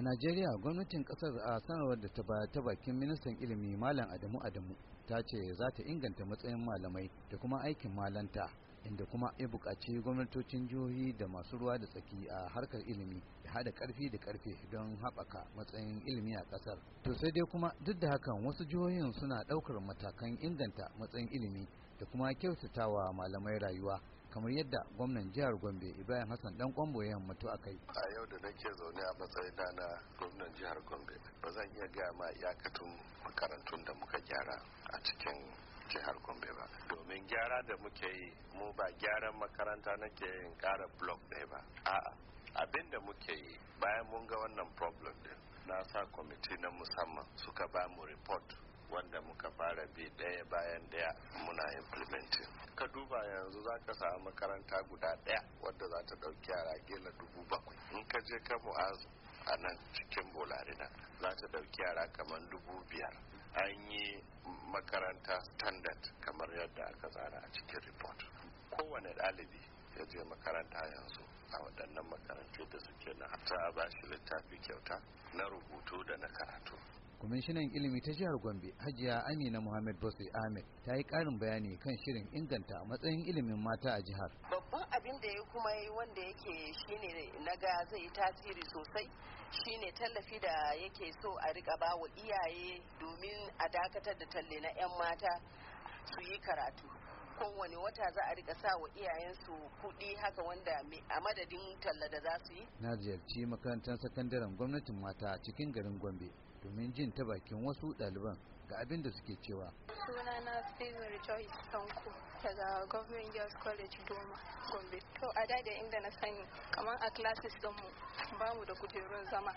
a najeriya gwamnatin kasar a sanarwar da ta ta bakin ministan ilimi malam adamu adamu ta ce za ta inganta matsayin malamai da kuma aikin malanta inda kuma ya buƙaci gwamnatocin jihohi da masu ruwa da tsaki a harkar ilimi da haɗa ƙarfi da ƙarfe don haɓaka matsayin ilimi a ƙasar to sai dai kuma duk da hakan wasu jihohin suna ɗaukar matakan inganta matsayin ilimi da kuma kyautatawa malamai rayuwa kamar yadda gwamnan jihar gombe ibrahim hassan dan kwambo ya mutu a kai a yau da nake zaune a matsayin na gwamnan jihar gombe ba zan iya gaya ma iyakatun makarantun da muka gyara a cikin jihar gombe ba domin gyara da muke yi mu ba gyaran makaranta nake yin kara block ɗaya ba a'a abin da muke yi bayan mun ga wannan problem din na sa kwamiti na musamman suka ba mu report wanda muka fara bi ɗaya bayan ɗaya muna implementing ka duba yanzu za ka samu makaranta guda ɗaya wadda za ta ɗauki yara gila dubu bakwai in ka je ka mu'azu a nan cikin bolarina za ta ɗauki yara kamar dubu biyar an yi makaranta standard kamar yadda aka tsara a cikin report kowane ɗalibi ya je makaranta yanzu a waɗannan makarantu da suke na ta ba shi littafi kyauta na rubutu da na karatu kwamishinan ilimi ta jihar gombe hajiya amina muhammad bose ahmed ta yi ƙarin bayani kan shirin inganta matsayin ilimin mata a jihar abin da ya kuma yi wanda yake shine na ga zai yi tasiri sosai shine tallafi da yake so a rika ba wa iyaye domin a dakatar da talle na 'yan mata su yi karatu kowane wata za a rika sa wa iyayensu kuɗi haka wanda a madadin talla da za su yi na ziyarci makarantar sakandaren gwamnatin mata a cikin garin gombe domin jin ta bakin wasu ɗaliban ga abin da suke cewa sunana Stephen Rejoice Sanko daga Government Girls College Doma Gombe to a da inda na sani kamar a classes din mu ba mu da kujerun zama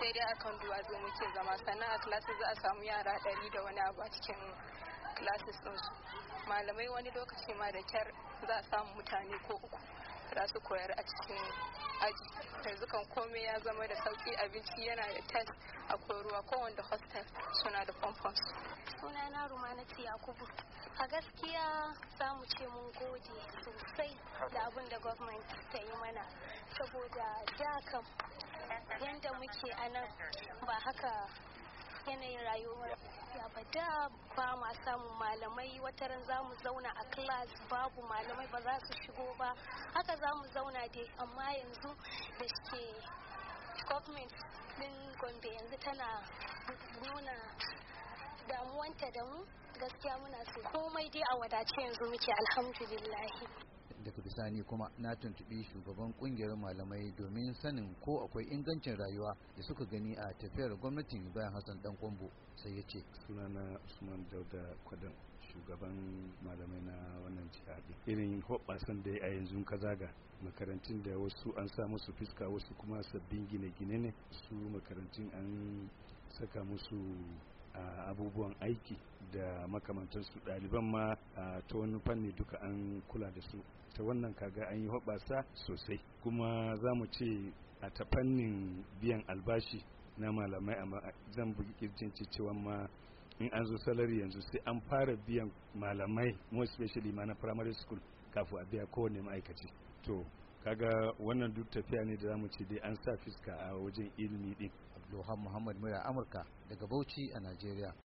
sai dai a akan duwatsu muke zama sannan a classes za a samu yara ɗari da wani abu a cikin classes ɗinsu malamai wani lokaci ma da kyar za a samu mutane ko uku za su koyar a cikin aji yanzu kan komai ya zama da sauki abinci yana da tas a ruwa kowanda hostel suna da pompons suna na rumana yakubu a gaskiya za mu ce mun gode sosai da abin da gwamnati ta yi mana saboda da kam yadda muke anan ba haka yanayin rayuwar ya da ba ma samun malamai wataran za mu zauna a class babu malamai ba za su shigo ba haka za mu zauna dai amma yanzu da ke government din gombe yanzu tana nuna damuwanta da mu gaskiya muna so komai dai a wadace yanzu muke alhamdulillahi daga bisani kuma na tuntubi shugaban kungiyar malamai domin sanin ko akwai ingancin rayuwa da suka gani a tafiyar gwamnatin bayan hassan dan kwambo sai ya ce sunana usman dauda kwadan shugaban malamai na wannan jihadi irin hoɓasan da a yanzu ka zaga makarantun da wasu an sa musu fiska wasu kuma sabbin gine-gine ne su makarantun an saka musu abubuwan aiki da makamantarsu ɗaliban ma ta wani fanni duka an kula da su ta wannan kaga an yi hoɓasa sosai kuma za mu ce a ta fannin biyan albashi na malamai amma zan bugi kirjin cewa ma in an zo salari yanzu sai an fara biyan malamai more especially ma na primary school kafin a biya kowane ma'aikaci to kaga wannan duk tafiya ne da zamu ce dai an sa fuska a wajen ilimi din Abdulhamid Muhammad Mura Amurka daga Bauchi a Najeriya